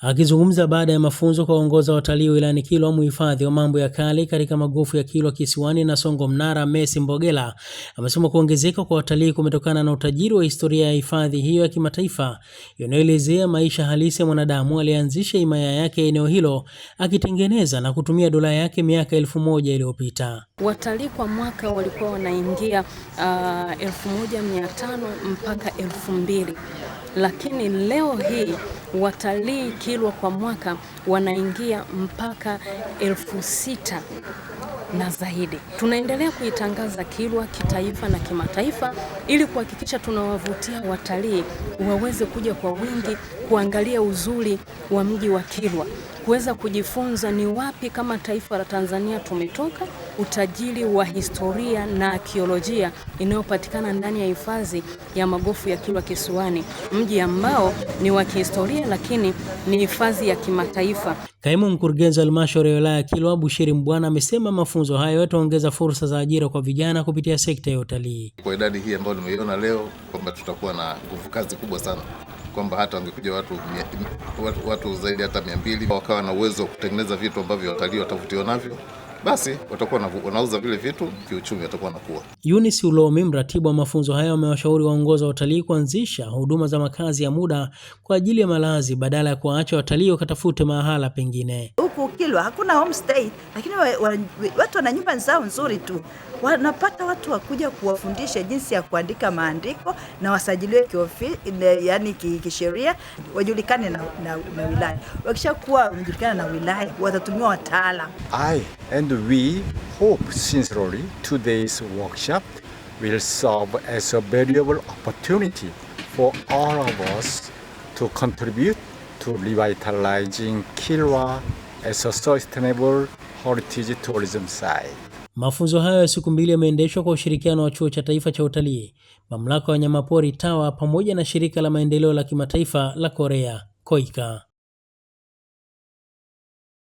Akizungumza baada ya mafunzo kwa waongoza watalii wilayani Kilwa, mhifadhi wa mambo ya kale katika magofu ya Kilwa Kisiwani na Songo Mnara, Messi Mbogela amesema kuongezeka kwa watalii kumetokana na utajiri wa historia ya hifadhi hiyo ya kimataifa inayoelezea maisha halisi ya mwanadamu aliyeanzisha himaya yake eneo hilo akitengeneza na kutumia dola yake miaka elfu moja iliyopita. Watalii kwa mwaka walikuwa wanaingia uh, elfu moja mia tano mpaka elfu mbili lakini leo hii watalii Kilwa kwa mwaka wanaingia mpaka elfu sita na zaidi. Tunaendelea kuitangaza Kilwa kitaifa na kimataifa ili kuhakikisha tunawavutia watalii waweze kuja kwa wingi kuangalia uzuri wa mji wa Kilwa, kuweza kujifunza ni wapi kama taifa la Tanzania tumetoka, utajiri wa historia na akiolojia inayopatikana ndani ya hifadhi ya magofu ya Kilwa Kisiwani, mji ambao ni wa kihistoria lakini ni hifadhi ya kimataifa. Kaimu mkurugenzi wa halmashauri ya wilaya ya Kilwa Bushiri Mbwana amesema mafunzo mafunzo hayo yataongeza fursa za ajira kwa vijana kupitia sekta ya utalii. Kwa idadi hii ambayo nimeiona leo, kwamba tutakuwa na nguvu kazi kubwa sana, kwamba hata wangekuja watu, watu, watu zaidi hata mia mbili wakawa na uwezo wa kutengeneza vitu ambavyo watalii watavutiwa navyo basi watakuwa wanauza vile vitu, kiuchumi watakuwa wanakuwa. Eunice Ulomi, mratibu wa mafunzo hayo, amewashauri waongoza wa watalii kuanzisha huduma za makazi ya muda kwa ajili ya malazi badala ya kuwaacha watalii wakatafute mahala pengine. Huku Kilwa hakuna homestay, lakini wa, wa, wa, watu wana nyumba zao nzuri tu, wanapata watu wakuja kuwafundisha jinsi ya kuandika maandiko na wasajiliwe kiofi, yani kisheria, wajulikane na, na, na wilaya. Wakishakuwa wamejulikana na wilaya, watatumiwa wataalamu eh, and we hope sincerely today's workshop will serve as a valuable opportunity for all of us to contribute to revitalizing Kilwa as a sustainable heritage tourism site. Mafunzo hayo ya siku mbili yameendeshwa kwa ushirikiano wa Chuo cha Taifa cha Utalii, Mamlaka ya Wanyamapori TAWA pamoja na Shirika la Maendeleo la Kimataifa la Korea, KOIKA.